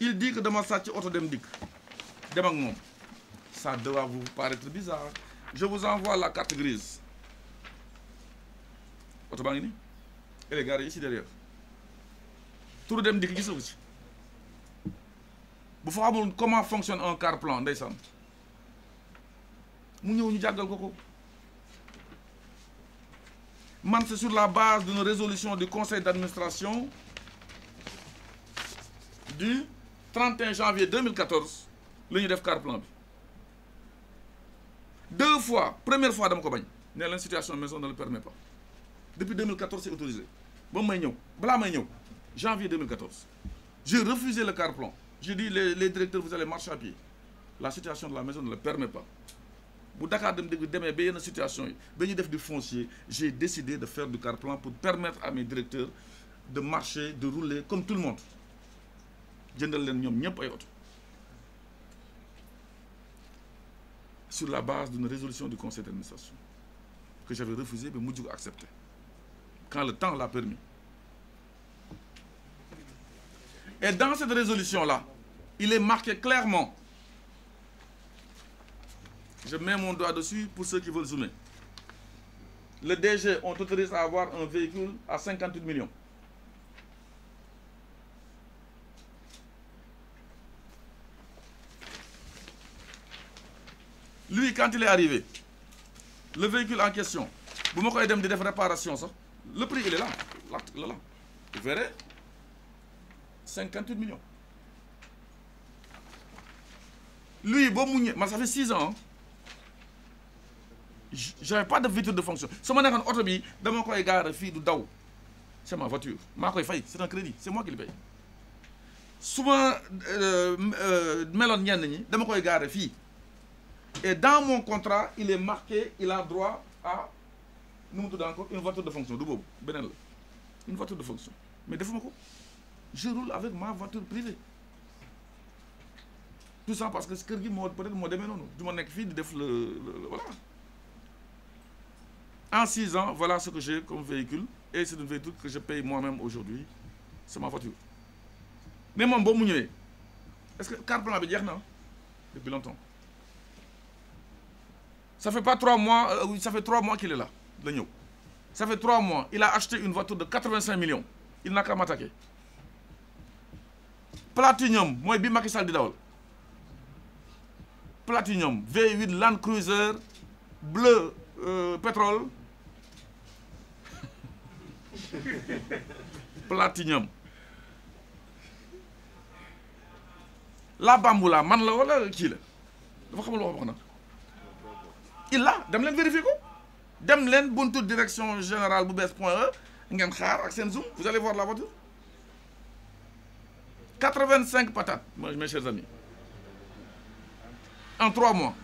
il dit que dama sàcc oto dem dikk dem ak moom ça doit vous paraître bizarre je vous envoie la carte grise oto baa ngi ni elle est garée ici derrière turu dem dikk gisoo ci bu fa xamul comment fonctionne un car plan ndeysaan mu ñëw ñu jàggal ko ko man c'est sur la base d'une résolution du conseil d'administration du 31 janvier 2014 la ñu def car plan bi deux fois première fois dama ko bañ ne leen situation maison ne le permet pas depuis 2014 c'est autorisé ba may ñëw balaa may ñëw janvier 2014 j'ai refusé le car plan j'ai dit les les directeurs vous allez marcher à pied la situation de la maison ne le permet pas bu Dakar dem de demee ba yenn situation yi ba ñu def du foncier j'ai décidé de faire du car plan pour permettre à mes directeurs de marcher de rouler comme tout le monde jëndal leen ñoom ñëpp ay oto sur la base d'une résolution du conseil d'administration que j'avais refusé mais mujj ko accepté quand le temps l'a permis et dans cette résolution là il est marqué clairement je mets mon doigt dessus pour ceux qui veulent zoomer le DG on t'autorise à avoir un véhicule à 58 millions lui quand il est arrivé le véhicule en question bu ma koy dem di def réparation sax le prix il est là là là vous verrez cinquante huit millions lui boo mu ñëwee man ça six ans j'avais pas de voiture de fonction su ma nekkoon oto bi dama koy gaare fii du daw c'est ma voiture maa koy fay se un crédit c'est moi qui le paye su ma euh, euh, meloon ñenn ñi dama koy gaare fii Et dans mon contrat, il est marqué, il a droit à nu mu tudd encore une voiture de fonction du boobu beneen la une voiture de fonction mais defuma ko je roule avec ma voiture privée tout ça parce que kër gi moo peut-être moo demee noonu du ma nekk fii di def le voilà en six ans voilà ce que j'ai comme véhicule e c'est une véhicule que je paye moi-même aujourd'hui c'est ma voiture mais moom boobu mu ñëwee est-ce que carte blanche bi jeex na depuis ça fait pas trois mois euh, ça fait trois mois qu'il est la ñëw ça trois mois il a acheté une voiture de quatre vingt millions il n'a qu'à m'attaquer Platinum mooy bi Macky Sall di dawal Platinum V8 Land Cruiser bleu euh, pétrole Platinum la Bamboula man la wala kii la dafa xamul wax wax na il la dem leen vérifier ko dem leen buntu direction générale bu bees point e ngeen ak seen zoom vous allez voir la voiture quatre-vingt-cinq patates mes chers amis en trois mois